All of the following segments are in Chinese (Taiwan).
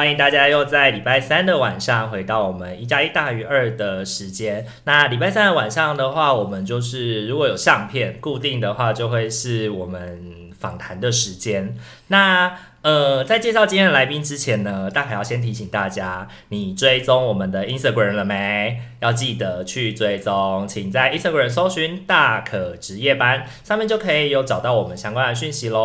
歡迎大家又在禮拜三的晚上回到我們一加一大於二的時間。那禮拜三的晚上的話，我們就是如果有相片固定的話，就會是我們訪談的時間。那呃，在介紹今天的來賓之前呢，大可要先提醒大家，你追蹤我們的 Instagram 了沒？要記得去追蹤，請在 Instagram 搜尋“大可值夜班”，上面就可以有找到我們相關的訊息嘍。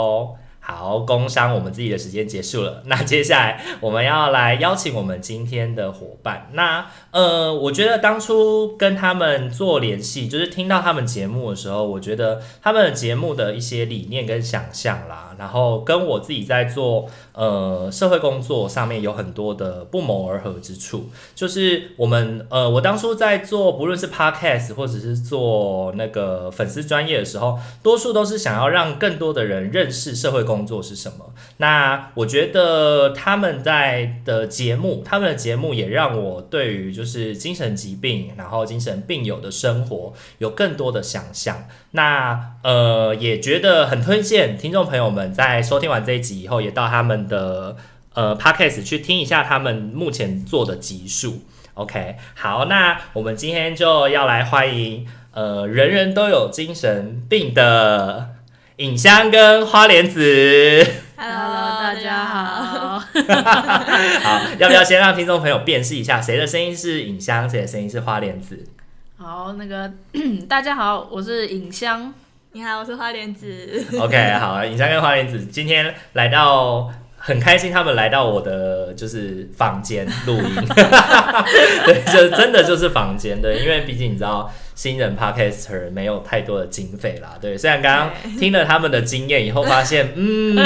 好，工商我們自己的時間結束了。那接下來我們要來邀請我們今天的夥伴。那呃，我覺得當初跟他們做聯繫，就是聽到他們節目的時候，我覺得他們的節目的一些理念跟想象啦，然後跟我自己在做呃社會工作上面有很多的不謀而合之處。就是我們呃，我當初在做不論是 podcast 或者是做那個粉絲專業的時候，多數都是想要讓更多的人認識社會工作。工作是什麼？那我覺得他們在的節目，他們的節目也讓我對於就是精神疾病，然後精神病友的生活有更多的想象。那呃，也覺得很推薦聽眾朋友們在收聽完這一集以後，也到他們的呃 Podcast 去聽一下他們目前做的集數。OK，好，那我們今天就要來歡迎呃，人人都有精神病的。尹湘跟花蓮子，Hello，, Hello 大家好， 好，要不要先讓聽眾朋友辨識一下，誰的聲音是尹湘，誰的聲音是花蓮子？好，那個大家好，我是尹湘，你好，我是花蓮子。OK，好，尹湘跟花蓮子今天來到很開心，他們來到我的就是房間錄音， 對，就真的就是房間，對，因為畢竟你知道。新人 Podcast 沒有太多的經費啦，對。雖然剛剛聽了他們的經驗以後，發現對嗯，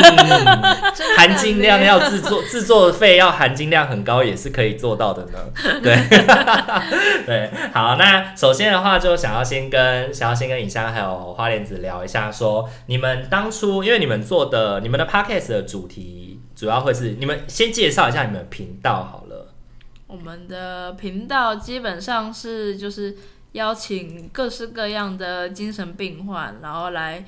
含金量要制作制 作費要含金量很高也是可以做到的呢。對， 對，好。那首先的話，就想要先跟對想要先跟尹湘還有花蓮子聊一下說，說你們當初因為你們做的你們的 Podcast 的主題主要會是你們先介紹一下你們的頻道好了。我們的頻道基本上是就是。邀請各式各樣的精神病患，然後來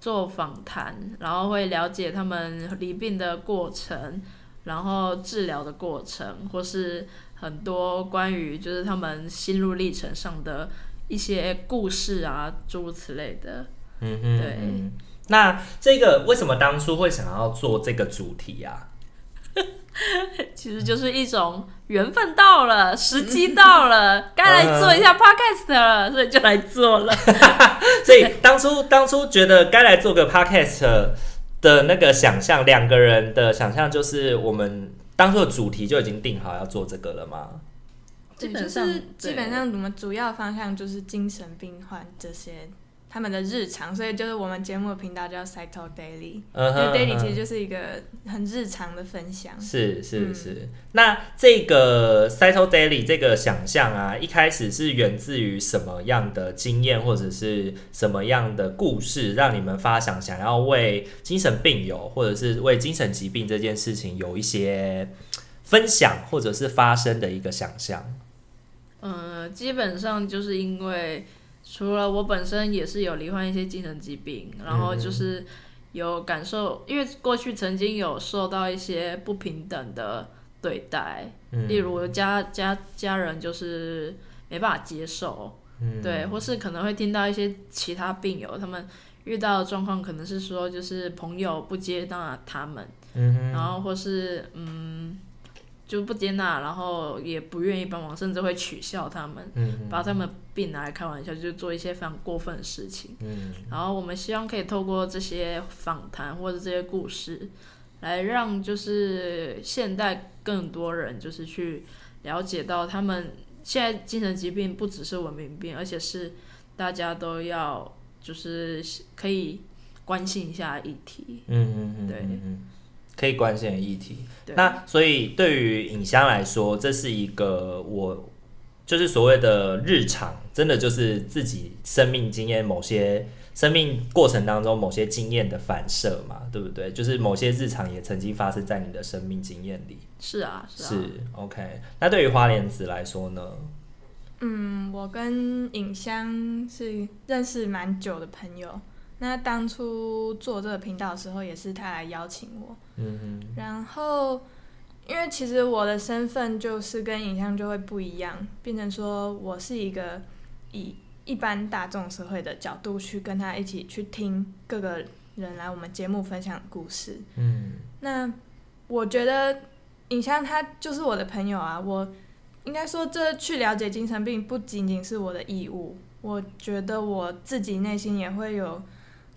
做訪談，然後會了解他們罹病的過程，然後治療的過程，或是很多關於就是他們心路歷程上的一些故事啊，諸如此類的。嗯，嗯對。那這個為什麼當初會想要做這個主題啊？其實就是一種緣分到了，時機到了，該來做一下 podcast 了， 所以就來做了。 所以當初當初覺得該來做個 podcast 的那個想象，兩對個人的想象，就是我們當初的主題就已經定好要做這個了嗎？基本上，對基本上我們主要方向就是精神病患這些。他們的日常，所以就是我們節目的頻道叫《Psytalk Daily、uh》，因為 Daily 其實就是一個很日常的分享。是是是。是是是，嗯、那這個《Psytalk Daily》這個想象啊，一開始是源自於什麼樣的經驗，或者是什麼樣的故事，讓你們發想想要為精神病友，或者是為精神疾病這件事情有一些分享，或者是發生的一個想象？嗯、呃，基本上就是因為。除了我本身也是有罹患一些精神疾病，然後就是有感受，嗯、因為過去曾經有受到一些不平等的對待，嗯、例如家家家人就是沒辦法接受，嗯、對，或是可能會聽到一些其他病友他們遇到的狀況，可能是說就是朋友不接納他們，嗯哼，然後或是嗯。就不接納，然後也不願意幫忙，甚至會取笑他們，嗯、哼把他們病拿來開玩笑，就做一些非常過分的事情。嗯、哼然後我們希望可以透過這些訪談或者這些故事，來讓就是現代更多人就是去了解到，他們現在精神疾病不只是文明病，而且是大家都要就是可以關心一下議題。嗯哼，對。嗯可以關心的議題，對那所以對於尹湘來說，這是一個我就是所謂的日常，真的就是自己生命經驗某些生命過程當中某些經驗的反射嘛，對不對？就是某些日常也曾經發生在你的生命經驗裡。是啊。是啊，是。是 OK。那對於花蓮子來說呢？嗯，我跟尹湘是認識蠻久的朋友。那當初做這個頻道的時候，也是他來邀請我。嗯，然後，因為其實我的身份就是跟尹湘就會不一樣，變成說我是一個以一般大眾社會的角度去跟他一起去聽各個人來我們節目分享故事。嗯，那我覺得尹湘他就是我的朋友啊，我應該說這去了解精神病不僅僅是我的義務，我覺得我自己內心也會有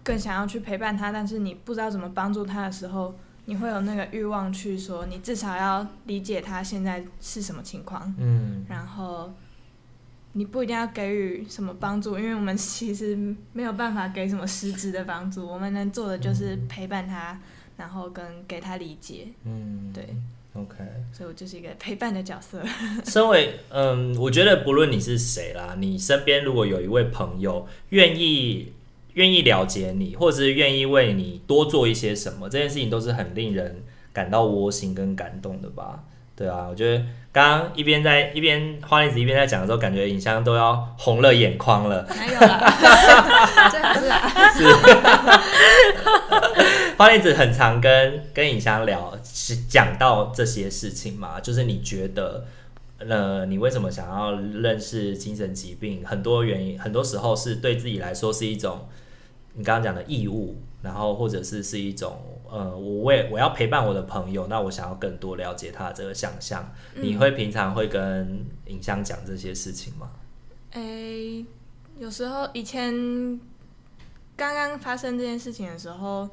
更想要去陪伴他，但是你不知道怎麼幫助他的時候。你會有那個慾望去說，你至少要理解他現在是什麼情況。嗯，然後你不一定要給予什麼幫助，因為我們其實沒有辦法給什麼實質的幫助。我們能做的就是陪伴他，嗯、然後跟給他理解。嗯，對，OK。所以我就是一個陪伴的角色。身為嗯，我覺得不論你是誰啦，你身邊如果有一位朋友願意。願意了解你，或者是願意為你多做一些什麼，這件事情都是很令人感到窩心跟感動的吧？對啊，我覺得剛剛一邊在一邊花蓮子一邊在講的時候，感覺尹湘都要紅了眼眶了。沒有，哈哈哈哈哈，哈哈花蓮子很常跟跟尹湘聊，是講到這些事情嘛？就是你覺得，那、呃、你為什麼想要認識精神疾病？很多原因，很多時候是對自己來說是一種。你剛剛講的義務，然後或者是是一種呃，我為我要陪伴我的朋友，那我想要更多了解他的這個想象。嗯、你會平常會跟尹湘講這些事情嗎？誒、欸，有時候以前剛剛發生這件事情的時候，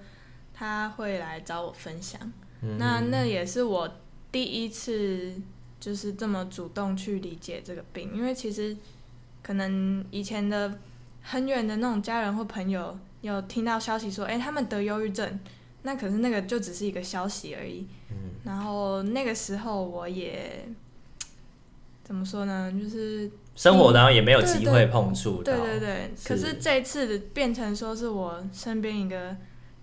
他會來找我分享。嗯、那那也是我第一次就是這麼主動去理解這個病，因為其實可能以前的很遠的那種家人或朋友。有聽到消息說，哎、欸，他們得憂鬱症，那可是那個就只是一個消息而已。嗯、然後那個時候我也怎麼說呢？就是生活當中、嗯、也沒有機會碰觸到，對，對對對。是可是這一次變成說是我身邊一個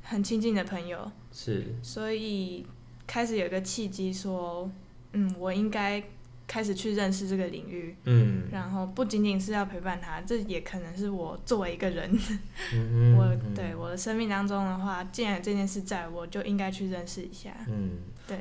很親近的朋友，是，所以開始有一個契機，說，嗯，我應該，開始去認識這個領域，嗯，然後不僅僅是要陪伴他，這也可能是我作為一個人， 嗯嗯嗯我對我的生命當中的話，既然這件事在，我就應該去認識一下，嗯。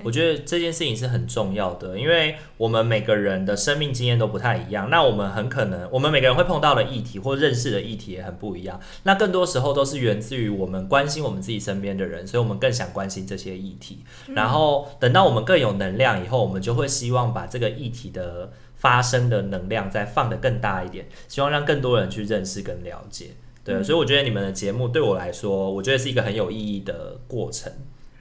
我覺得這件事情是很重要的，因為我們每個人的生命經驗都不太一樣，那我們很可能，我們每個人會碰到的議題或認識的議題也很不一樣。那更多時候都是源自於我們關心我們自己身邊的人，所以我們更想關心這些議題。然後等到我們更有能量以後，我們就會希望把這個議題的發生的能量再放得更大一點，希望讓更多人去認識跟了解。對，所以我覺得你們的節目對我來說，我覺得是一個很有意義的過程。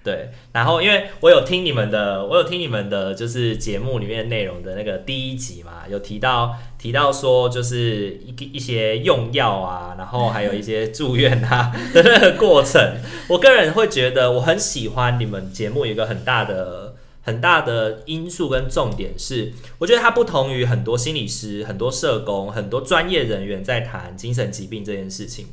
對，然後因為我有聽你們的，我有聽你們的，就是節目裡面的內容的那個第一集嘛，有提到提到說，就是一一些用藥啊，然後還有一些住院啊的那個過程。 我個人會覺得，我很喜歡你們節目有一個很大的、很大的因素跟重點是，我覺得它不同於很多心理師、很多社工、很多專業人員在談精神疾病這件事情。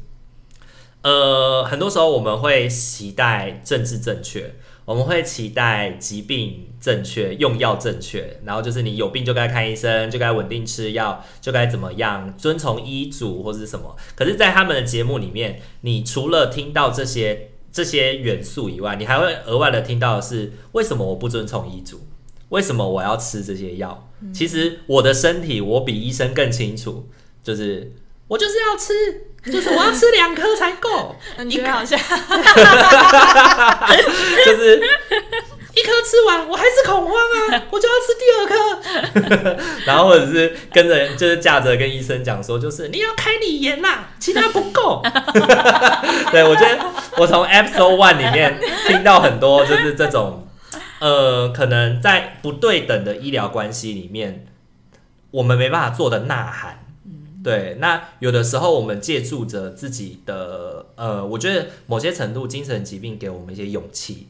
呃，很多時候我們會期待政治正確，我們會期待疾病正確，用藥正確，然後就是你有病就該看醫生，就該穩定吃藥，就該怎麼樣遵從醫囑或者是什麼。可是，在他們的節目裡面，你除了聽到這些這些元素以外，你還會額外的聽到的是為什麼我不遵從醫囑，為什麼我要吃這些藥？嗯。其實我的身體，我比醫生更清楚，就是我就是要吃。就是我要吃兩顆才夠，你覺得好像？ 就是 一顆吃完我還是恐慌啊，我就要吃第二顆。 然後或者是跟着就是架着跟醫生講說，就是你要開你鹽啦、啊，其他不夠。 對我覺得我從 episode one 裡面聽到很多就是這種，呃，可能在不對等的醫療關係裡面，我們沒辦法做的吶喊。對，那有的時候我們借助着自己的，呃，我覺得某些程度精神疾病給我們一些勇氣，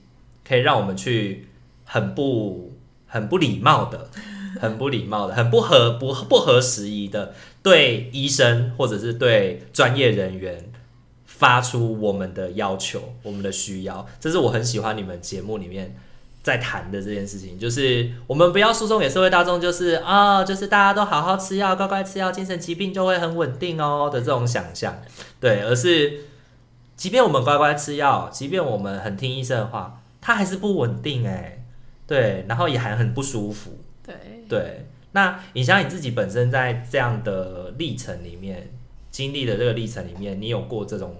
可以讓我們去很不、很不禮貌的、很不禮貌的、很不合、不合、不合、不合時宜的對醫生或者是對專業人員發出我們的要求、我們的需要，這是我很喜歡你們節目裡面。在談的這件事情，就是我們不要輸送給社會大眾，就是啊、哦，就是大家都好好吃藥，乖乖吃藥，精神疾病就會很穩定哦的這種想象，對，而是，即便我們乖乖吃藥，即便我們很聽醫生的話，它還是不穩定哎、欸，對，然後也還很不舒服，對對。那你像你自己本身在這樣的歷程裡面經歷的這個歷程裡面，你有過這種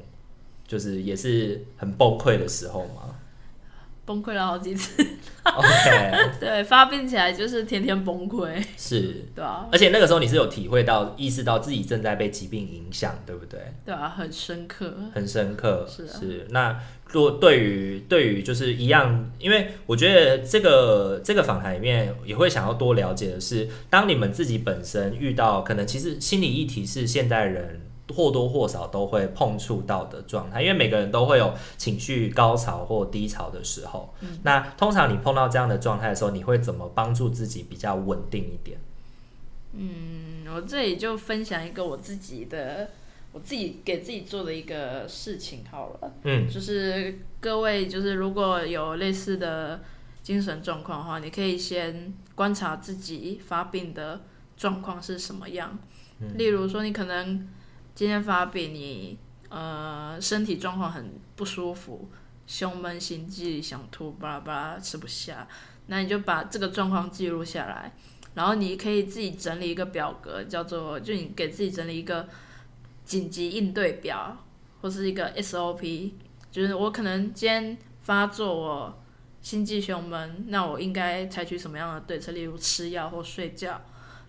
就是也是很崩潰的時候嗎？崩潰了好幾次 ，Okay, 對，發病起來就是天天崩潰，是，對啊，而且那個時候你是有體會到、意識到自己正在被疾病影響，對不對？對啊，很深刻，很深刻，是、啊、是。那若對於對於就是一樣，嗯、因為我覺得這個這個訪談裡面也會想要多了解的是，當你們自己本身遇到，可能其實心理議題是現代人。或多或少都會碰觸到的狀態，因為每個人都會有情緒高潮或低潮的時候。嗯，那通常你碰到這樣的狀態的時候，你會怎麼幫助自己比較穩定一點？嗯，我這裡就分享一個我自己的，我自己給自己做的一個事情好了。嗯，就是各位，就是如果有類似的精神狀況的話，你可以先觀察自己發病的狀況是什麼樣。嗯，例如說你可能。今天發病，你呃身體狀況很不舒服，胸悶心悸想吐，巴拉巴拉吃不下。那你就把這個狀況記錄下來，然後你可以自己整理一個表格，叫做就你給自己整理一個緊急應對表，或是一個 SOP，就是我可能今天發作我心悸胸悶，那我應該採取什麼樣的對策，例如吃藥或睡覺。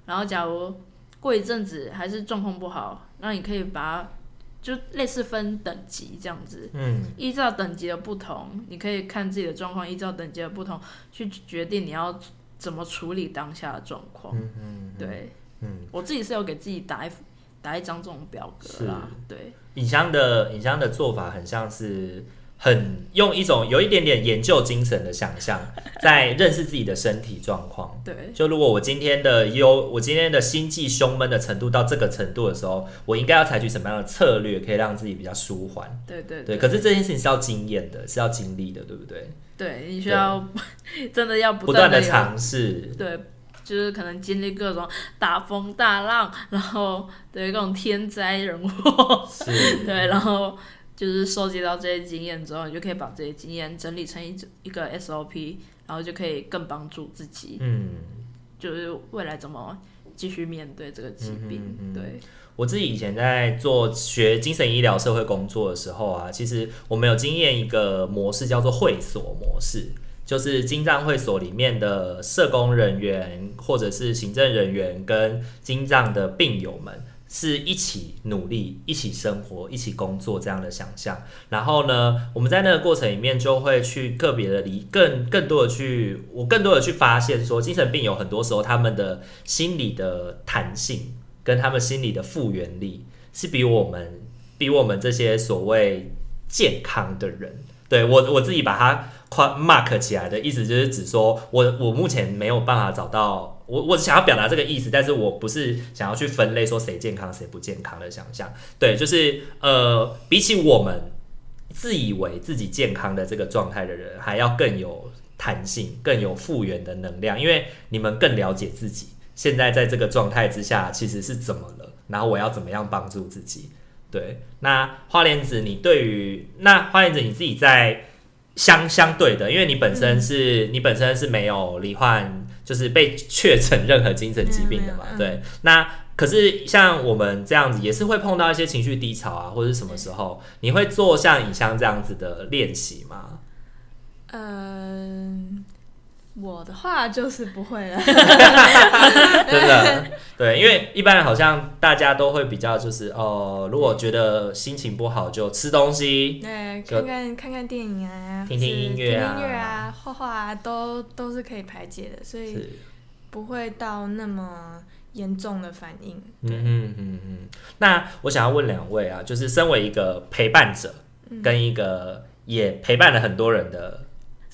然後假如過一陣子還是狀況不好。那你可以把就類似分等級這樣子，嗯，依照等級的不同，你可以看自己的狀況，依照等級的不同去決定你要怎麼處理當下的狀況，嗯嗯，對，嗯，對嗯我自己是有給自己打一打一張這種表格啊。是對，尹湘的尹湘的做法很像是。很用一種有一點點研究精神的想象，在認識自己的身體狀況。對，就如果我今天的憂，我今天的心悸胸悶的程度到這個程度的時候，我應該要採取什麼樣的策略，可以讓自己比較舒緩？對對對，對。可是這件事情是要經驗的，是要經歷的，對不對？對，你需要對 真的要不斷的嘗試。對，就是可能經歷各種大風大浪，然後對於各種天災人禍，是 對，然後。就是收集到這些經驗之後，你就可以把這些經驗整理成一一個 SOP，然後就可以更幫助自己。嗯，就是未來怎麼繼續面對這個疾病。嗯嗯對，我自己以前在做學精神醫療社會工作的時候啊，其實我們有經驗一個模式叫做會所模式，就是精障會所裡面的社工人員或者是行政人員跟精障的病友們是一起努力、一起生活、一起工作這樣的想象。然後呢，我們在那個過程裡面就會去個別的離更更多的去，我更多的去發現說，精神病有很多時候他們的心理的彈性跟他們心理的復原力是比我們比我們這些所謂健康的人，對我我自己把它誇 mark 起來的意思就是指說我，我我目前沒有辦法找到。我我想要表達這個意思，但是我不是想要去分類說誰健康誰不健康的想象，對，就是呃，比起我們自以為自己健康的這個狀態的人，還要更有彈性、更有復原的能量，因為你們更了解自己現在在這個狀態之下其實是怎麼了，然後我要怎麼樣幫助自己？對，那花蓮子，你對於那花蓮子你自己在相相對的，因為你本身是、嗯、你本身是沒有罹患。就是被確診任何精神疾病的嘛，對。那可是像我們這樣子，也是會碰到一些情緒低潮啊，或者是什麼時候，你會做像影像這樣子的練習嗎？嗯、uh。我的話就是不會了， 真的，對，因為一般好像大家都會比較就是哦、呃，如果覺得心情不好就吃東西，對，看看就看看電影啊，聽聽音樂啊，音樂啊，畫畫啊，啊，都都是可以排解的，所以不會到那麼嚴重的反應。嗯哼嗯嗯嗯，那我想要問兩位啊，就是身為一個陪伴者，跟一個也陪伴了很多人的。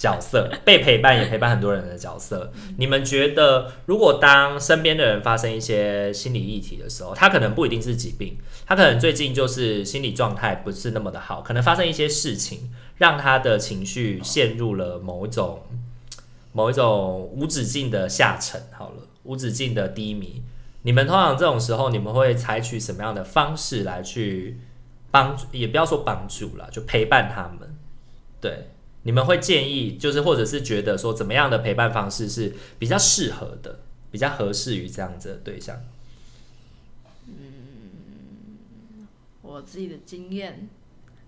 角色被陪伴，也陪伴很多人的角色。你們覺得，如果當身邊的人發生一些心理議題的時候，他可能不一定是疾病，他可能最近就是心理狀態不是那麼的好，可能發生一些事情，讓他的情緒陷入了某一種某一種無止境的下沉。好了，無止境的低迷。你們通常這種時候，你們會採取什麼樣的方式來去幫助？也不要說幫助了，就陪伴他們。對。你們會建議，就是或者是覺得說，怎麼樣的陪伴方式是比較適合的，比較合適於這樣子的對象？嗯，我自己的經驗，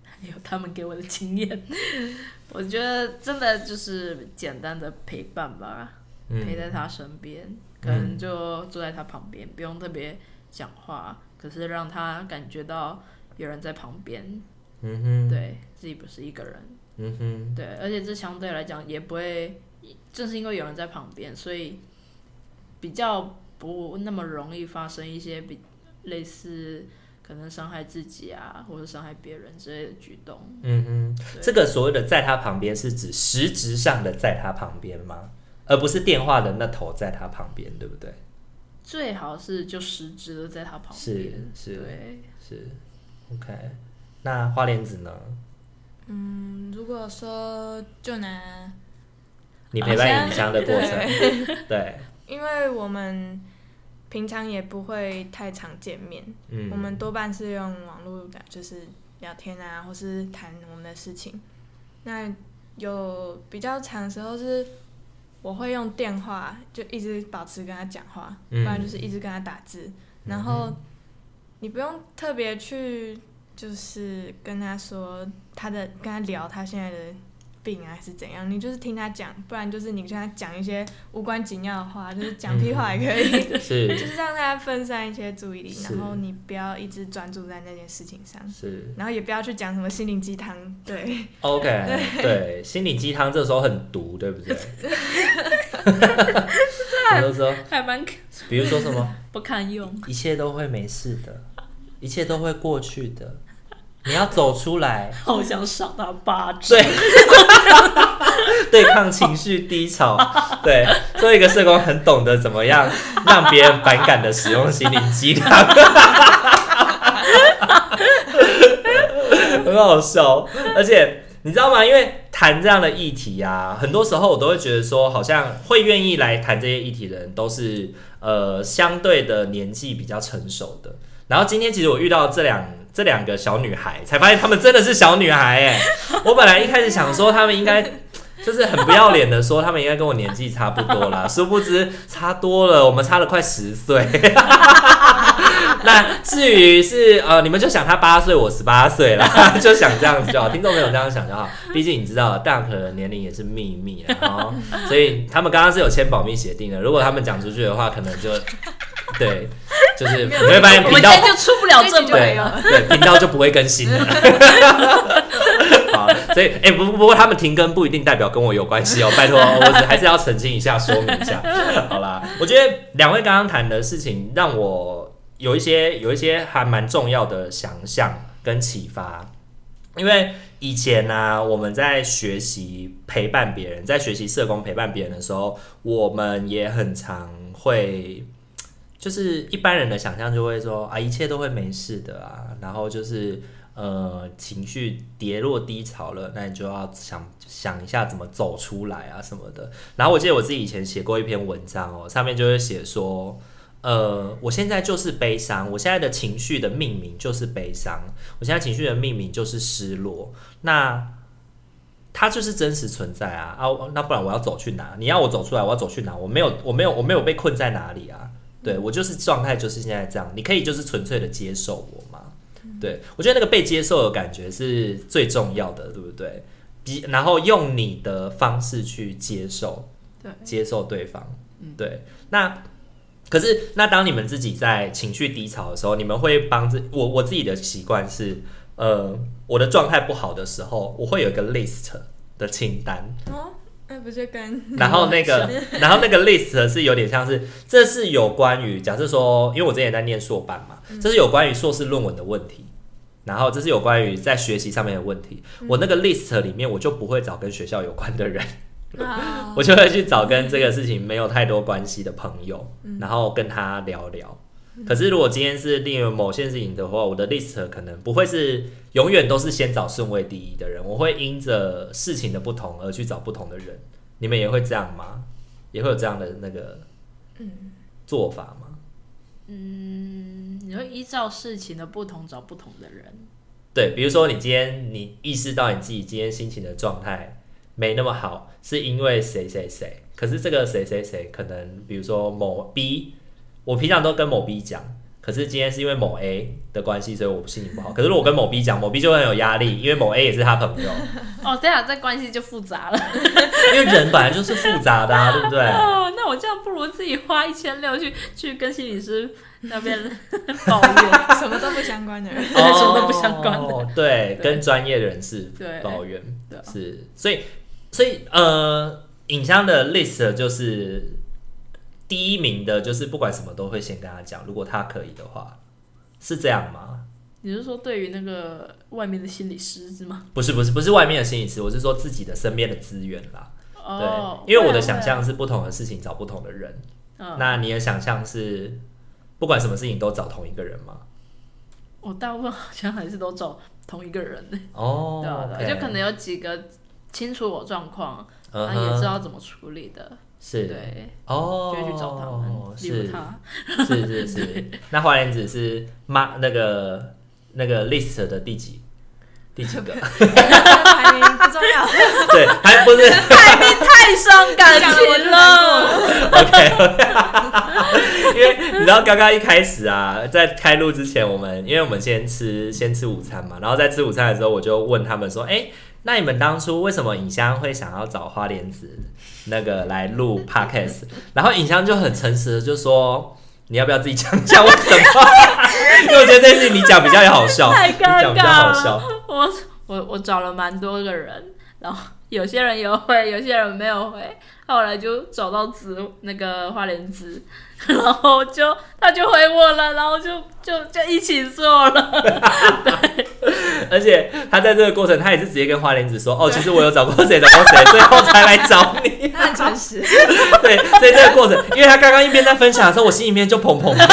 還有他們給我的經驗， 我覺得真的就是簡單的陪伴吧，嗯、陪在他身邊，可能就坐在他旁邊，嗯、不用特別講話，可是讓他感覺到有人在旁邊。嗯哼，對。自己不是一個人，嗯哼，對，而且這相對來講也不會，正是因為有人在旁邊，所以比較不那麼容易發生一些比類似可能傷害自己啊，或者傷害別人之類的舉動。嗯哼，對這個所謂的在他旁邊，是指實質上的在他旁邊嗎？而不是電話的那頭在他旁邊，嗯、對不對？最好是就實質的在他旁邊，是對是，對是，OK。那花蓮子呢？嗯，如果說就拿你陪伴影像的過程，對， 對因為我們平常也不會太常見面，嗯、我們多半是用網絡，就是聊天啊，或是談我們的事情。那有比較長的時候是，我會用電話就一直保持跟他講話，嗯、不然就是一直跟他打字。嗯、然後你不用特別去。就是跟他說他的，跟他聊他現在的病啊，還是怎樣？你就是聽他講，不然就是你跟他講一些無關緊要的話，就是講屁話也可以，嗯、是 就是讓他分散一些注意力，是然後你不要一直專注在那件事情上，是，然後也不要去講什麼心靈雞湯，對，OK，對，對，心靈雞湯這時候很毒，對不對？比如說還蠻滿，比如說什麼不堪用，一切都會沒事的。一切都會過去的，你要走出來。好想賞他巴掌。對， 對抗情緒低潮。Oh. 對，做一個社工很懂得怎麼樣讓別人反感的使用心靈雞湯， 很好笑。而且你知道嗎？因為談這樣的議題啊，很多時候我都會覺得說，好像會願意來談這些議題的人都是呃相對的年紀比較成熟的。然後今天其實我遇到這兩這兩個小女孩，才發現她們真的是小女孩哎！我本來一開始想說她們應該就是很不要臉的說，她們應該跟我年紀差不多啦，殊不知差多了，我們差了快十歲。 那至於是呃，、你們就想他八歲，我十八歲啦， 就想這樣子就好。聽眾沒有這樣想就好，畢竟你知道，大可的年齡也是秘密啊，哦，所以他們剛剛是有簽保密協定的。如果他們講出去的話，可能就對，就是你會發現頻道就出不了這，道這對，對對，頻道就不會更新了嗎。 好，所以哎，欸，不不過他們停更不一定代表跟我有關係哦，拜托，我還是要澄清一下，說明一下，好啦。我覺得兩位剛剛談的事情讓我。有一些有一些還蠻重要的想象跟啟發，因為以前呢、啊，我們在學習陪伴別人，在學習社工陪伴別人的時候，我們也很常會，就是一般人的想象就會說，啊，一切都會沒事的啊，然後就是呃，情緒跌落低潮了，那你就要想想一下怎麼走出來啊什麼的。然後我記得我自己以前寫過一篇文章哦，上面就會寫說。呃，我現在就是悲傷，我現在的情緒的命名就是悲傷，我現在情緒的命名就是失落。那它就是真實存在啊啊！那不然我要走去哪？你要我走出來，我要走去哪？我沒有，我沒有，我沒有被困在哪裡啊？對，我就是狀態就是現在這樣。你可以就是純粹的接受我嗎？對，我覺得那個被接受的感覺是最重要的，對不對？比然後用你的方式去接受，對，接受對方，嗯，對，那。可是，那當你們自己在情緒低潮的時候，你們會幫自我？我自己的習慣是，呃，我的狀態不好的時候，我會有一個 list 的清單。哦，那、哎、不就跟然後那個， 然後那個 list 是有點像是，這是有關於，假設說，因為我之前在念碩班嘛，這是有關於碩士論文的問題，嗯、然後這是有關於在學習上面的問題。嗯、我那個 list 裡面，我就不會找跟學校有關的人。 我就會去找跟這個事情沒有太多關係的朋友，嗯、然後跟他聊聊。嗯、可是如果今天是另有某件事情的話，我的 list 可能不會是永遠都是先找順位第一的人。我會因着事情的不同而去找不同的人。你們也會這樣嗎？也會有這樣的那個做法嗎？嗯，你會依照事情的不同找不同的人。對，比如說你今天你意識到你自己今天心情的狀態沒那麼好，是因為誰誰誰。可是這個誰誰誰，可能比如說某 B，我平常都跟某 B 講，可是今天是因為某 A 的關係，所以我心情不好。可是如果跟某 B 講，某 B 就會很有壓力，因為某 A 也是他朋友。哦，對啊，這關係就複雜了。因為人本來就是複雜的、啊， 對不對？哦，那我這樣不如自己花一千六去去跟心理師那邊抱怨， 什麼都不相關的人，哦、什麼都不相關的，對，跟專業人士抱怨對對、哦、是，所以。所以呃，印象的 list 就是第一名的，就是不管什麼都會先跟他講，如果他可以的話，是這樣嗎？你是說對於那個外面的心理師是嗎？不是不是不是外面的心理師，我是說自己的身邊的資源啦。哦。Oh, 對，因為我的想象是不同的事情找不同的人。Oh, okay. 那你的想象是不管什麼事情都找同一個人嗎？我大部分好像還是都找同一個人呢。哦。就可能有幾個。清楚我狀況，他也知道怎麼處理的。是、uh huh. 對哦，oh, 就去找他們，oh, 他是是是是， 對那是。那花蓮子是媽那個那個 list 的第幾？第幾個？排名不重要。對，還不是排名 太傷感情了。了了 OK OK， 因為你知道剛剛一開始啊，在開錄之前，我們因為我們先吃先吃午餐嘛，然後在吃午餐的時候，我就問他們說：“哎、欸。”那你們當初為什麼尹湘會想要找花蓮子那個來錄 Podcast？ 然後尹湘就很誠實的就說：“你要不要自己講一下？為什麼？ 因為我覺得這次你講比,比較有好笑，你講比較好笑。”我我我找了蠻多個人，然後有些人有回，有些人沒有回。後來就找到子那個花蓮子，然後就他就回我了，然後就就就一起做了。對。 而且他在這個過程，他也是直接跟花蓮子說：“對哦，其實我有找過誰，找過誰， 最後才來找你啊。”那很誠實。 對，所以這個過程，因為他剛剛一邊在分享的時候，我心裡面就砰砰的，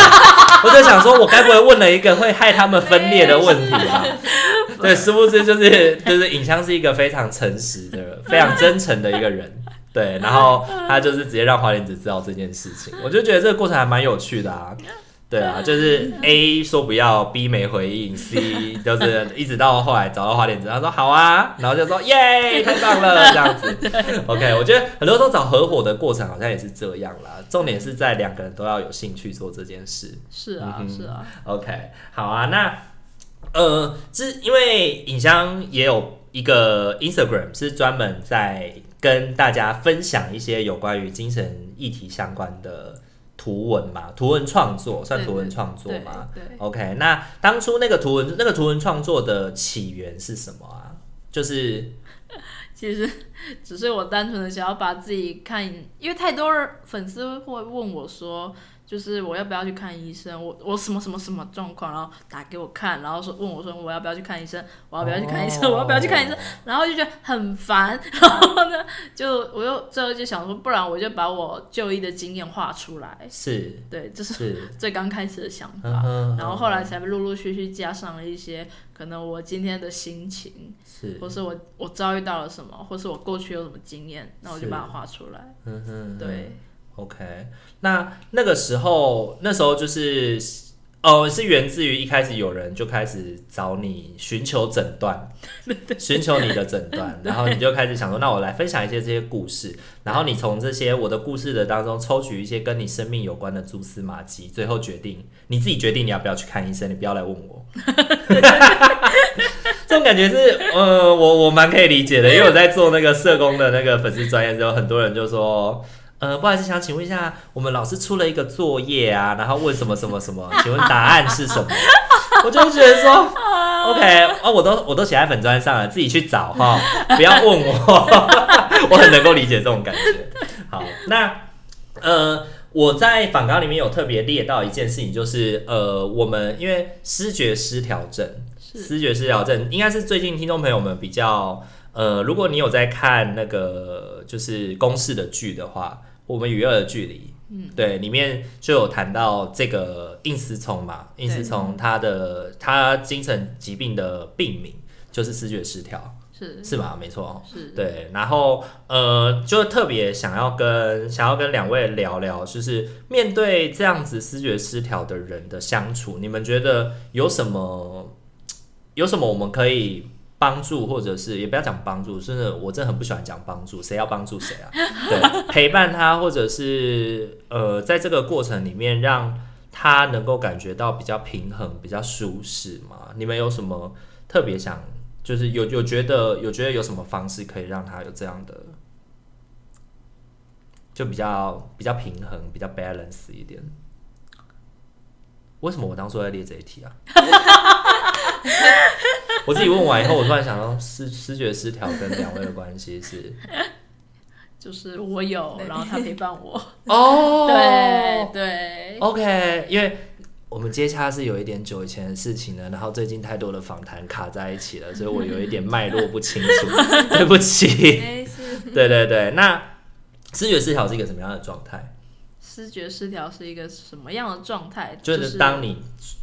我就想說，我該不會問了一個會害他們分裂的問題吧？對，是，對不是不是就是就是尹湘是一個非常誠實的、 非常真誠的一個人。對，然後他就是直接讓花蓮子知道這件事情，我就覺得這個過程還蠻有趣的啊。對啊，就是 A 說不要，B 沒回應，C 就是一直到後來找到花蓮子，他說好啊，然後就說耶，太棒了，這樣子。OK，我覺得很多時候找合夥的過程好像也是這樣啦。重點是在兩個人都要有興趣做這件事。是啊，嗯、哼是啊。OK，好啊，那呃，就是因為尹湘也有一個 Instagram 是專門在。跟大家分享一些有關於精神議題相關的圖文嘛，圖文創作算圖文創作嗎？對對對對，OK，那當初那個圖文那個圖文創作的起源是什麼啊？就是其實只是我單純的想要把自己看，因為太多人粉絲會問我說。就是我要不要去看醫生？我我什麼什麼什麼狀況，然後打給我看，然後說問我說我要不要去看醫生？我要不要去看醫生？哦，我要不要去看醫生？然後就覺得很煩，然後呢，就我又最後就想說，不然我就把我就醫的經驗畫出來。是，對，這、就是，是最剛開始的想法，嗯哼，然後後來才陸陸續續加上了一些可能我今天的心情，是，或是我我遭遇到了什麼，或是我過去有什麼經驗，那我就把它畫出來。嗯哼，對。OK，那那個時候，那時候就是，呃，是源自於一開始有人就開始找你尋求診斷，尋求你的診斷，然後你就開始想說，那我來分享一些這些故事，然後你從這些我的故事的當中抽取一些跟你生命有關的蛛絲馬跡，最後決定，你自己決定你要不要去看醫生，你不要來問我。 這種感覺是，呃，我我蠻可以理解的，因為我在做那個社工的那個粉絲專業之後，很多人就說，呃，不好意思，想請問一下，我們老師出了一個作業啊，然後問什麼什麼什麼，請問答案是什麼？ 我就覺得說 ，OK，哦，我都我都寫在粉專上了，自己去找哈、哦，不要問我， 我很能夠理解這種感覺。好，那呃，我在訪綱裡面有特別列到一件事情，就是呃，我們因為失覺失調症，失是覺失調症應該是最近聽眾朋友們比較呃，如果你有在看那個就是公視的劇的話。我們與惡的距離，嗯，對，裡面就有談到這個應思聰嘛，應思聰他的對他精神疾病的病名就是思覺失調，是是嗎？沒錯，哦，是，對，然後呃，就特別想要跟想要跟兩位聊聊，就是面對這樣子思覺失調的人的相處，你們覺得有什麼、嗯、有什麼我們可以？幫助，或者是也不要講幫助，真的我真的很不喜歡講幫助，誰要幫助誰啊？對，陪伴他，或者是呃，在這個過程裡面，讓他能夠感覺到比較平衡、比較舒適嘛？你們有什麼特別想，就是有有覺得有覺得有什麼方式可以讓他有這樣的，就比較比較平衡、比較 balance 一點。為什麼我當初在列這一題啊？ 我自己問完以後，我突然想到思思覺失調跟兩位的關係是，就是我有，然後他陪伴我。哦、oh，對對。OK，因為我們接下來是有一點久以前的事情了，然後最近太多的訪談卡在一起了，所以我有一點脈絡不清楚， 對不起。 對對對，那思覺失調是一個什麼樣的狀態？思覺失調是一個什麼樣的狀態？就是當你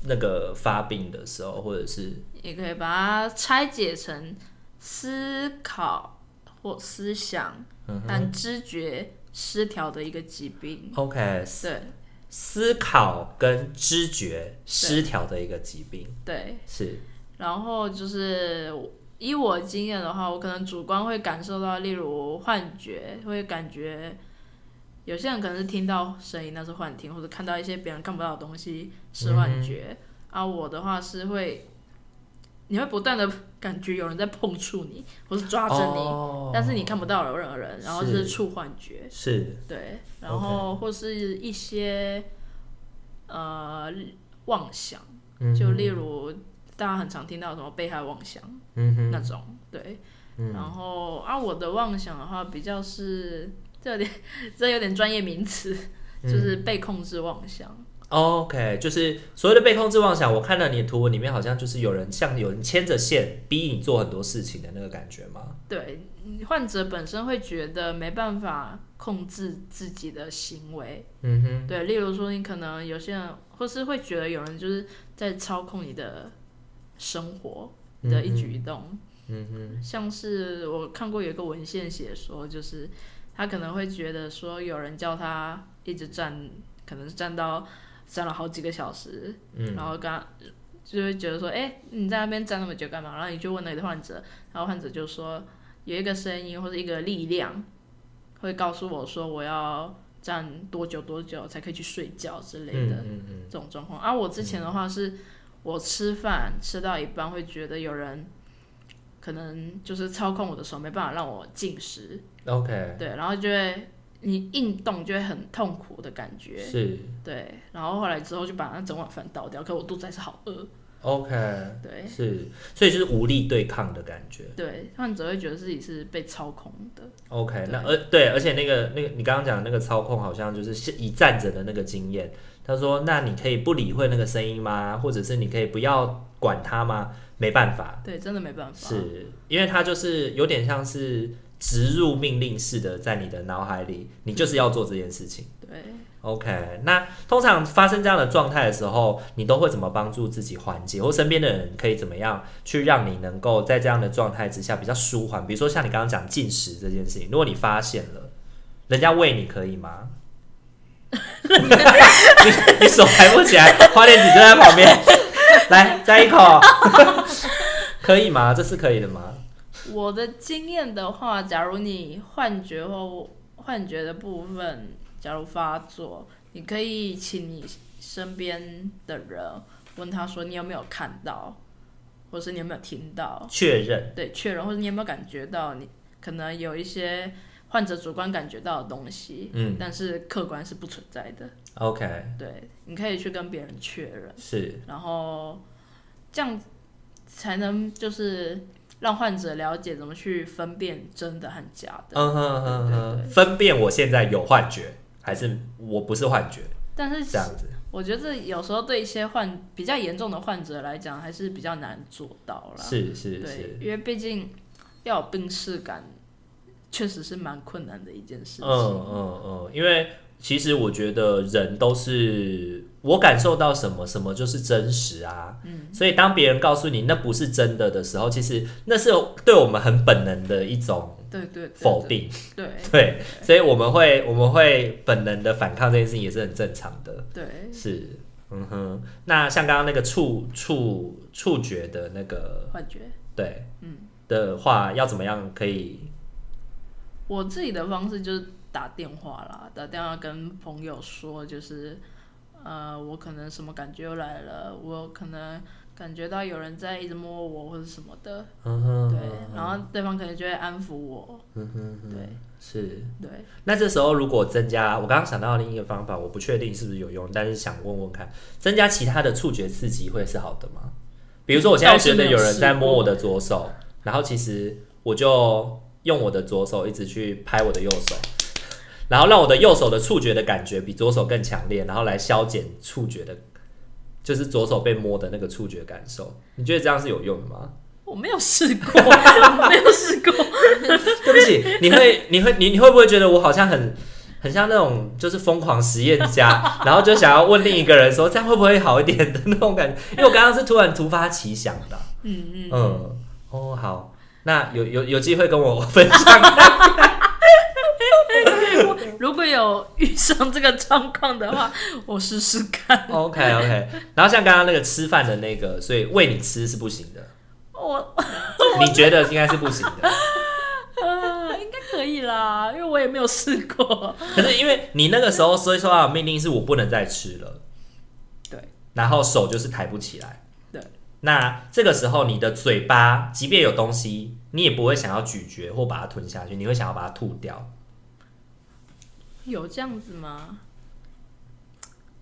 那個發病的時候，或者是你可以把它拆解成思考或思想、嗯、哼但知覺失調的一個疾病。OK，對，思考跟知覺失調的一個疾病。對，對是。然後就是依我經驗的話，我可能主觀會感受到，例如幻覺，會感覺。有些人可能是聽到聲音，那是幻聽，或者看到一些別人看不到的東西是幻覺、嗯、哼啊。我的話是會，你會不斷的感覺有人在碰觸你，或是抓着你，哦、但是你看不到有任何人，是然後是觸幻覺。是，對，然後或是一些 Okay. 呃妄想，嗯、哼就例如大家很常聽到什麼被害妄想，那種、嗯、哼對。嗯、然後啊，我的妄想的話比較是。這有點，這有點專業名詞，嗯、就是被控制妄想。OK，就是所謂的被控制妄想。我看到你的圖文裡面，好像就是有人像有人牽着線，逼你做很多事情的那個感覺嗎？對，患者本身會覺得沒辦法控制自己的行為。嗯哼，對，例如說，你可能有些人或是會覺得有人就是在操控你的生活的一舉一動嗯。嗯哼，像是我看過有一個文獻寫說，就是。他可能會覺得說，有人叫他一直站，可能是站到站了好幾個小時，嗯、然後剛就會覺得說，哎、欸，你在那邊站那麼久幹嘛？然後你就問那個患者，然後患者就說，有一個聲音或者一個力量會告訴我說，我要站多久多久才可以去睡覺之類的這種狀況。嗯嗯嗯啊，我之前的話是我吃飯、嗯、吃到一半會覺得有人。可能就是操控我的手沒辦法讓我進食，OK，對，然後就會你運動就會很痛苦的感覺，是，對，然後後來之後就把那整碗飯倒掉，可我肚子還是好餓，OK，對，是，所以就是無力對抗的感覺，對，患者會覺得自己是被操控的，OK，對那而對，而且那個那個你剛剛講的那個操控，好像就是一站着的那個經驗，他說那你可以不理會那個聲音嗎？或者是你可以不要管它嗎？沒辦法，對，真的沒辦法。是，因為他就是有點像是植入命令似的，在你的腦海裡，你就是要做這件事情。對，OK。那通常發生這樣的狀態的時候，你都會怎麼幫助自己緩解，或身邊的人可以怎麼樣去讓你能夠在這樣的狀態之下比較舒緩？比如說像你剛剛講進食這件事情，如果你發現了，人家餵你可以嗎？ 你你手抬不起來，花蓮子就在旁邊。來，再一口， 可以嗎？這是可以的嗎？我的經驗的話，假如你幻覺或幻覺的部分假如發作，你可以請你身邊的人問他說，你有沒有看到，或是你有沒有聽到，確認，對，確認，或是你有沒有感覺到，你可能有一些。患者主觀感覺到的東西，嗯，但是客觀是不存在的。OK，對，你可以去跟別人確認。是，然後這樣才能就是讓患者了解怎麼去分辨真的和假的。嗯嗯嗯嗯，分辨我現在有幻覺還是我不是幻覺。但是這樣子，我覺得有時候對一些患比較嚴重的患者來講，還是比較難做到啦。是是是，是對是因為畢竟要有病識感。確實是蠻困難的一件事情嗯。嗯嗯嗯，因為其實我覺得人都是我感受到什麼，什麼就是真實啊。嗯，所以當別人告訴你那不是真的的時候，其實那是對我們很本能的一種否定。對對，所以我們會我們會本能的反抗這件事情也是很正常的。對，是嗯哼。那像剛剛那個觸觸觸覺的那個幻覺，對，嗯的話，要怎麼樣可以？我自己的方式就是打電話啦，打電話跟朋友說，就是呃，我可能什麼感覺又來了，我可能感覺到有人在一直摸我或者什麼的，嗯哼，對，然後對方可能就會安撫我，嗯哼，嗯哼，對，是，對。那這時候如果增加，我剛剛想到另一個方法，我不確定是不是有用，但是想問問看，增加其他的觸覺刺激會是好的嗎？比如說我現在覺得有人在摸我的左手，然後其實我就。用我的左手一直去拍我的右手，然後讓我的右手的觸覺的感覺比左手更強烈，然後來消減觸覺的，就是左手被摸的那個觸覺感受。你覺得這樣是有用的嗎？我沒有試過， 我沒有試過。 對不起，你會你會你你會不會覺得我好像很很像那種就是瘋狂實驗家，然後就想要問另一個人說這樣會不會好一點的那種感覺？因為我剛剛是突然突發奇想的啊。嗯嗯嗯哦好。那有有有機會跟我分享一下，如果有遇上這個狀況的話，我試試看。OK OK，然後像剛剛那個吃飯的那個，所以餵你吃是不行的。我，我你覺得應該是不行的。 呃，應該可以啦，因為我也沒有試過。可是因為你那個時候所以說的命令是我不能再吃了，對，然後手就是抬不起來。那這個時候，你的嘴巴即便有東西，你也不會想要咀嚼或把它吞下去，你會想要把它吐掉。有這樣子嗎？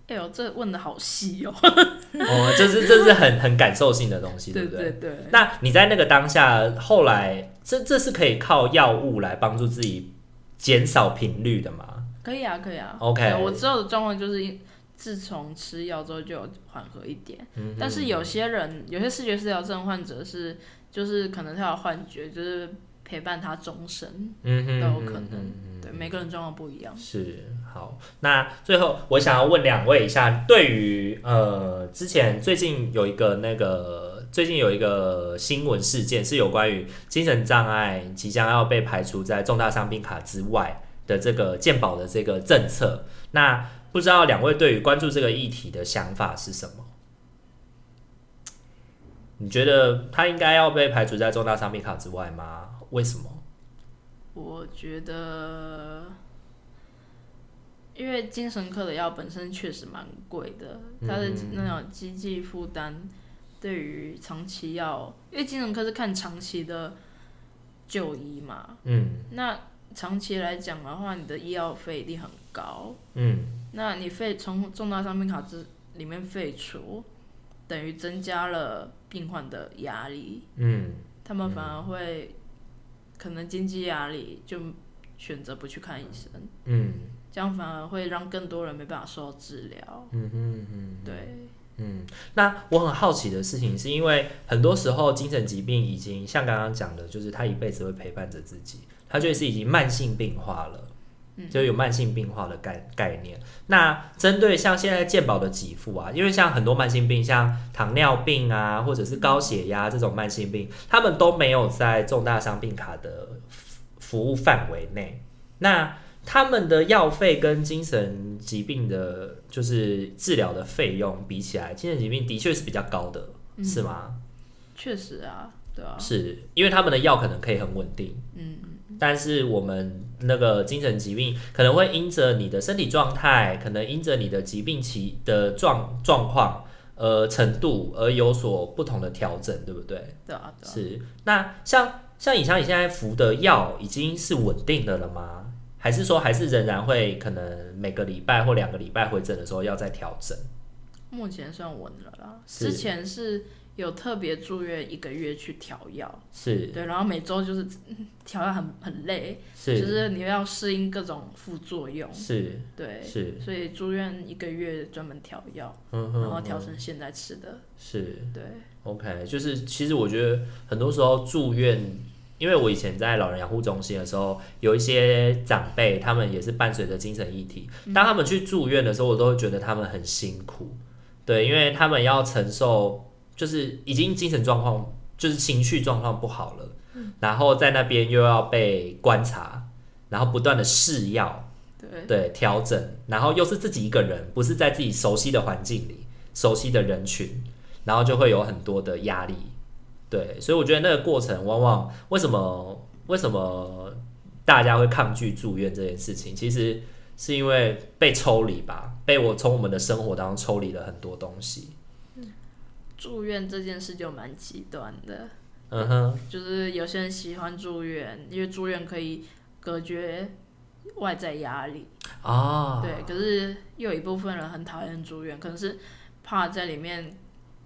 哎呦，這問得好細、喔、 哦！哦，這是這是很很感受性的東西， 對不對,對,對？對對。那你在那個當下，後來這這是可以靠藥物來幫助自己減少頻率的嗎？可以啊，可以啊。OK，、欸、我知道的狀況就是自從吃藥之後就緩和一點，嗯、哼但是有些人，有些思覺失調症患者是就是可能他有幻覺，就是陪伴他終身，嗯哼，都有可能，嗯、哼對每個人狀況不一樣。是，好，那最後我想要問兩位一下，對於呃之前最近有一個那個最近有一個新聞事件是有關於精神障礙即將要被排除在重大傷病卡之外的這個健保的這個政策，那。不知道兩位對於關注這個議題的想法是什麼？你覺得他應該要被排除在重大傷病卡之外嗎？為什麼？我覺得，因為精神科的藥本身確實蠻貴的，他的那種經濟負擔，對於長期藥，嗯、因為精神科是看長期的就醫嘛，嗯，那長期來講的話，你的醫藥費一定很。高，嗯，那你廢從重大傷病卡之裡面廢除，等於增加了病患的壓力，嗯，他們反而會、嗯、可能經濟壓力就選擇不去看醫生，嗯，嗯，這樣反而會讓更多人沒辦法受到治療，嗯嗯嗯，對，嗯，那我很好奇的事情是，因為很多時候精神疾病已經像剛剛講的，就是他一輩子會陪伴着自己，他就是已經慢性病化了。就有慢性病化的概概念。那針對像現在健保的給付啊，因為像很多慢性病，像糖尿病啊，或者是高血壓這種慢性病，他們都沒有在重大傷病卡的服服務範圍內。那他們的藥費跟精神疾病的就是治療的費用比起來，精神疾病的確是比較高的，嗯、是嗎？確實啊，對啊，是因為他們的藥可能可以很穩定，嗯，但是我們。那個精神疾病，可能會因着你的身體狀態，可能因着你的疾病期的狀狀況，呃，程度而有所不同的調整，對不對？對啊對啊、是。那像像尹湘，你現在服的藥已經是穩定的了嗎？還是說還是仍然會可能每個禮拜或兩個禮拜回診的時候要再調整？目前算穩了啦，是之前是。有特別住院一個月去調藥，是。對，然後每周就是調藥、嗯、很很累，是。就是你又要適應各種副作用，是。對，是，所以住院一個月專門調藥，嗯嗯嗯，然後調成現在吃的，是，對，OK，就是其實我覺得很多時候住院，因為我以前在老人養護中心的時候，有一些長輩他們也是伴隨着精神議題，嗯、當他們去住院的時候，我都會覺得他們很辛苦，對，因為他們要承受。就是已經精神狀況，就是情緒狀況不好了，嗯，然後在那邊又要被觀察，然後不斷的試藥，對對，調整，然後又是自己一個人，不是在自己熟悉的環境裡，熟悉的人群，然後就會有很多的壓力，對，所以我覺得那個過程，往往為什麼為什麼大家會抗拒住院這件事情，其實是因為被抽離吧，被我從我們的生活當中抽離了很多東西。住院這件事就蠻極端的，uh huh. 就是有些人喜歡住院，因為住院可以隔絕外在壓力、oh. 對，可是又有一部分人很討厭住院，可能是怕在裡面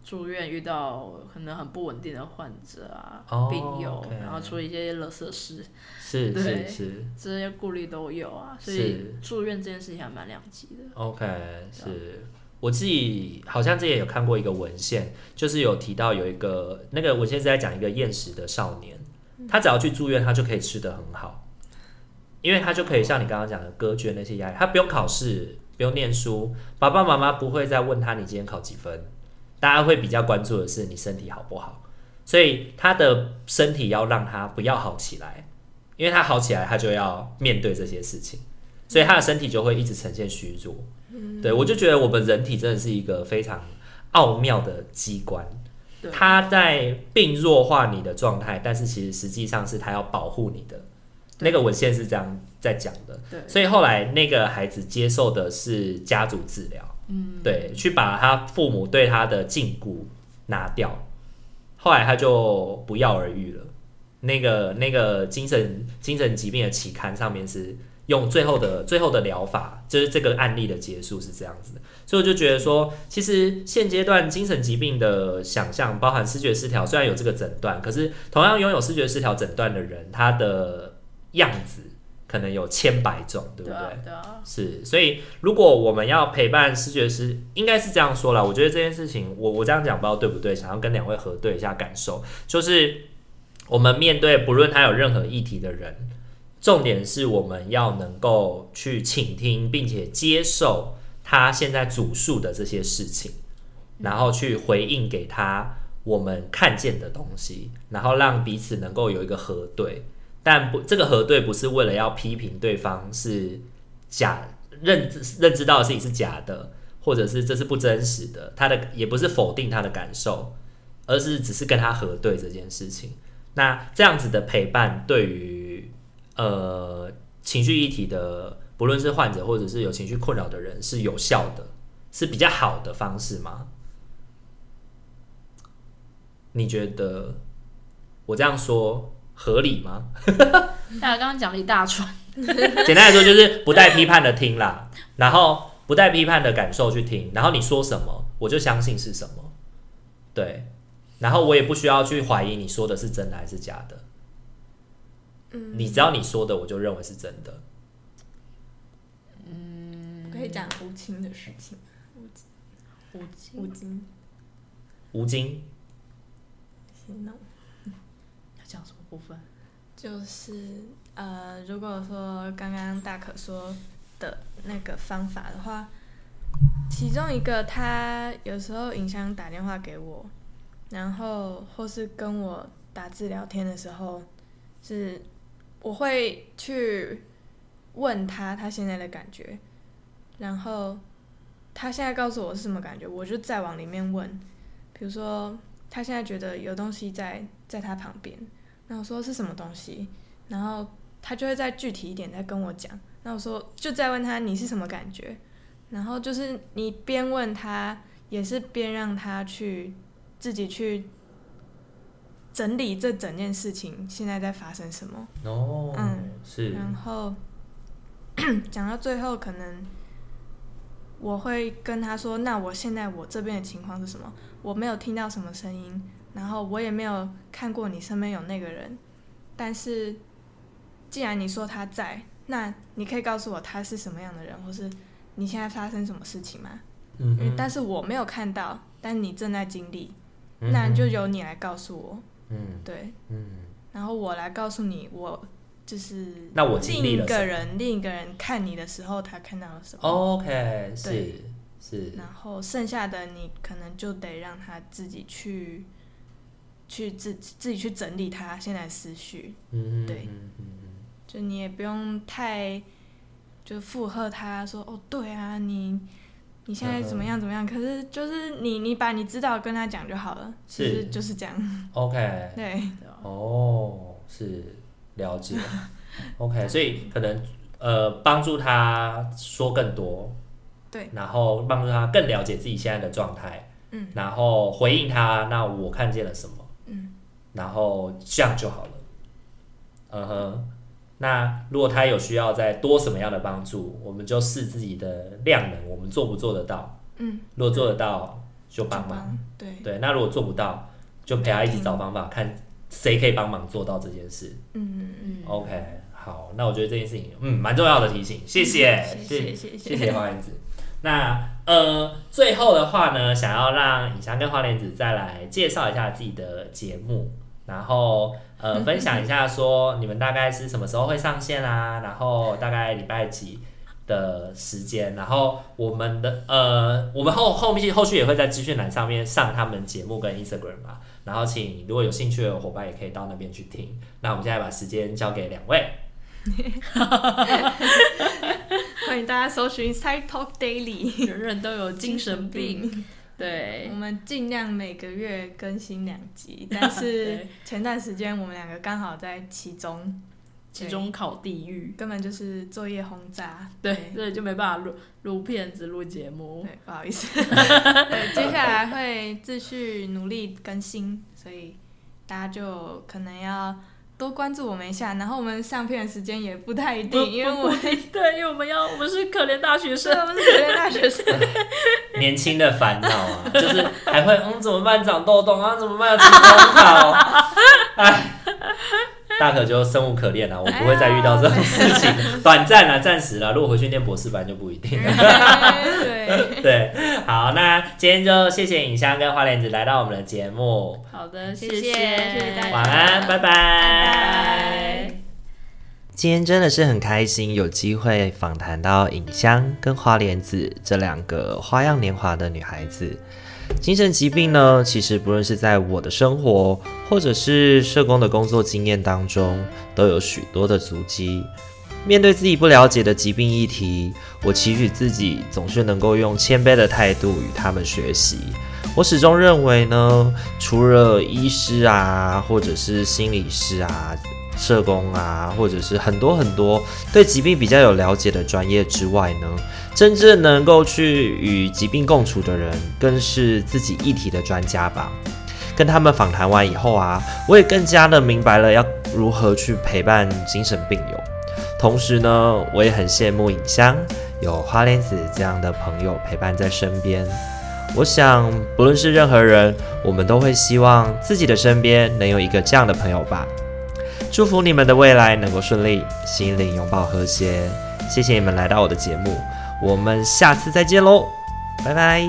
住院遇到可能很不穩定的患者啊、oh, 病友，okay. 然後出一些勒索事。是是是，這些顧慮都有啊，所以住院這件事情還蠻兩極的。O Okay , K，對是。我自己好像之前有看過一個文獻，就是有提到有一個那個文獻是在講一個厭食的少年，他只要去住院，他就可以吃得很好，因為他就可以像你剛剛講的隔絕那些壓力，他不用考試，不用念書，爸爸媽媽不會再問他你今天考幾分，大家會比較關注的是你身體好不好，所以他的身體要讓他不要好起來，因為他好起來，他就要面對這些事情。所以他的身體就會一直呈現虛弱。嗯，對我就覺得我們人體真的是一個非常奧妙的機關。對，他在病弱化你的狀態，但是其實實際上是他要保護你的。那個文獻是這樣在講的。對，所以後來那個孩子接受的是家族治療。嗯，對，去把他父母對他的禁錮拿掉，後來他就不藥而愈了。那個那個精神精神疾病的期刊上面是。用最後的最後的療法，就是這個案例的結束是這樣子的，所以我就覺得說，其實現階段精神疾病的想象，包含思覺失調，雖然有這個診斷，可是同樣擁有思覺失調診斷的人，他的樣子可能有千百種，對不對？對對，是，所以如果我們要陪伴思覺失，應該是這樣說啦。我覺得這件事情，我我這樣講不知道對不對，想要跟兩位核對一下感受，就是我們面對不論他有任何議題的人。重點是我們要能夠去傾聽，並且接受他現在主訴的這些事情，然後去回應給他我們看見的東西，然後讓彼此能夠有一個核對。但不，這個核對不是為了要批評對方是假認知，認知到自己是假的，或者是這是不真實的。他的也不是否定他的感受，而是只是跟他核對這件事情。那這樣子的陪伴對於。呃，情緒議題的，不論是患者或者是有情緒困擾的人，是有效的，是比較好的方式嗎？你覺得我這樣說合理嗎？大 家剛剛講了一大串， 簡單來說就是不帶批判的聽啦， 然後不帶批判的感受去聽，然後你說什麼，我就相信是什麼，對，然後我也不需要去懷疑你說的是真的還是假的。你只要你說的，我就認為是真的。嗯，可以講吳京的事情。吳吳京，吳京，行，那要講什麼部分？就是呃，如果說剛剛大可說的那個方法的話，其中一個他有時候影響打電話給我，然後或是跟我打字聊天的時候是。我會去問他他現在的感覺，然後他現在告訴我是什麼感覺，我就再往裡面問，比如說他現在覺得有東西在在他旁邊，那我說是什麼東西，然後他就會再具體一點再跟我講，那我說就再問他你是什麼感覺，然後就是你邊問他也是邊讓他去自己去。整理這整件事情，現在在發生什麼？哦，oh, 嗯，是。然後講 到最後，可能我會跟他說：“那我現在我這邊的情況是什麼？我沒有聽到什麼聲音，然後我也沒有看過你身邊有那個人。但是既然你說他在，那你可以告訴我他是什麼樣的人，或是你現在發生什麼事情嗎？嗯、mm hmm.，但是我沒有看到，但你正在經歷，mm hmm. 那就由你來告訴我。”嗯，對，嗯，然後我來告訴你，我就是那我另一個人，另一個人看你的時候，他看到了什麼，哦，OK，對，是，是，然後剩下的你可能就得讓他自己去去自己自己去整理他現在思緒。嗯哼，對，嗯、哼就你也不用太就附和他說，哦，對啊，你。你現在怎麼樣？怎麼樣？Uh-huh. 可是就是你，你把你知道跟他講就好了，是其實就是這樣。OK，對，哦、oh，是了解。 OK，所以可能呃幫助他說更多，對，然後幫助他更了解自己現在的狀態，嗯，然後回應他，那我看見了什麼，嗯，然後這樣就好了，嗯、uh、哼。Huh. 那如果他有需要再多什麼樣的幫助，我們就試自己的量能，我們做不做得到？嗯，如果做得到就幫忙，對，對那如果做不到，就陪他一起找方法，嗯、看誰可以幫忙做到這件事。嗯嗯嗯。嗯 OK，好，那我覺得這件事情嗯蠻重要的提醒，嗯、謝，謝，謝謝，謝謝，謝謝花蓮子。 那呃，最後的話呢，想要讓尹湘跟花蓮子再來介紹一下自己的節目，然後。呃，分享一下說你們大概是什麼時候會上線啊，然後大概禮拜幾的時間？然後我們的呃，我們後後面後續也會在資訊欄上面上他們節目跟 Instagram 嘛、啊、然後請如果有興趣的夥伴也可以到那邊去聽。那我們現在把時間交給兩位， 歡迎大家搜尋 Psytalk Daily，人人都有精神病。對，我們盡量每個月更新兩集，但是前段時間我們兩個剛好在期中，期 對對中考地獄，根本就是作業轟炸，對，對，所以就沒辦法錄錄片子錄節目，對，不好意思， 對對接下來會繼續努力更新，所以大家就可能要。多關注我們一下，然後我們上片的時間也不太一定，因為對，因為我們要，我們是可憐大學生，我們是可憐大學生，年輕的煩惱啊，啊 就是還會嗯怎麼辦長痘痘啊，怎麼辦要吃紅糖，哎、 啊。啊大可就生無可戀了、啊，我不會再遇到這種事情，哎、呦短暫了、啊， 暫時了、啊。如果回去念博士班就不一定了。 對，好，那今天就謝謝尹湘跟花蓮子來到我們的節目。好的，謝謝謝謝大家。晚安，拜拜。拜拜。今天真的是很開心，有機會訪談到尹湘跟花蓮子這兩個花樣年華的女孩子。精神疾病呢，其實不論是在我的生活，或者是社工的工作經驗當中，都有許多的足跡。面對自己不了解的疾病議題，我期許自己總是能夠用謙卑的態度與他們學習。我始終認為呢，除了醫師啊，或者是心理師啊，社工啊，或者是很多很多對疾病比較有了解的專業之外呢，真正能夠去與疾病共處的人，更是自己議題的專家吧。跟他們訪談完以後啊，我也更加的明白了要如何去陪伴精神病友。同時呢，我也很羨慕尹湘有花蓮子這樣的朋友陪伴在身邊。我想，不論是任何人，我們都會希望自己的身邊能有一個這樣的朋友吧。祝福你們的未來能夠順利，心靈擁抱和諧。謝謝你們來到我的節目，我們下次再見嘍，拜拜！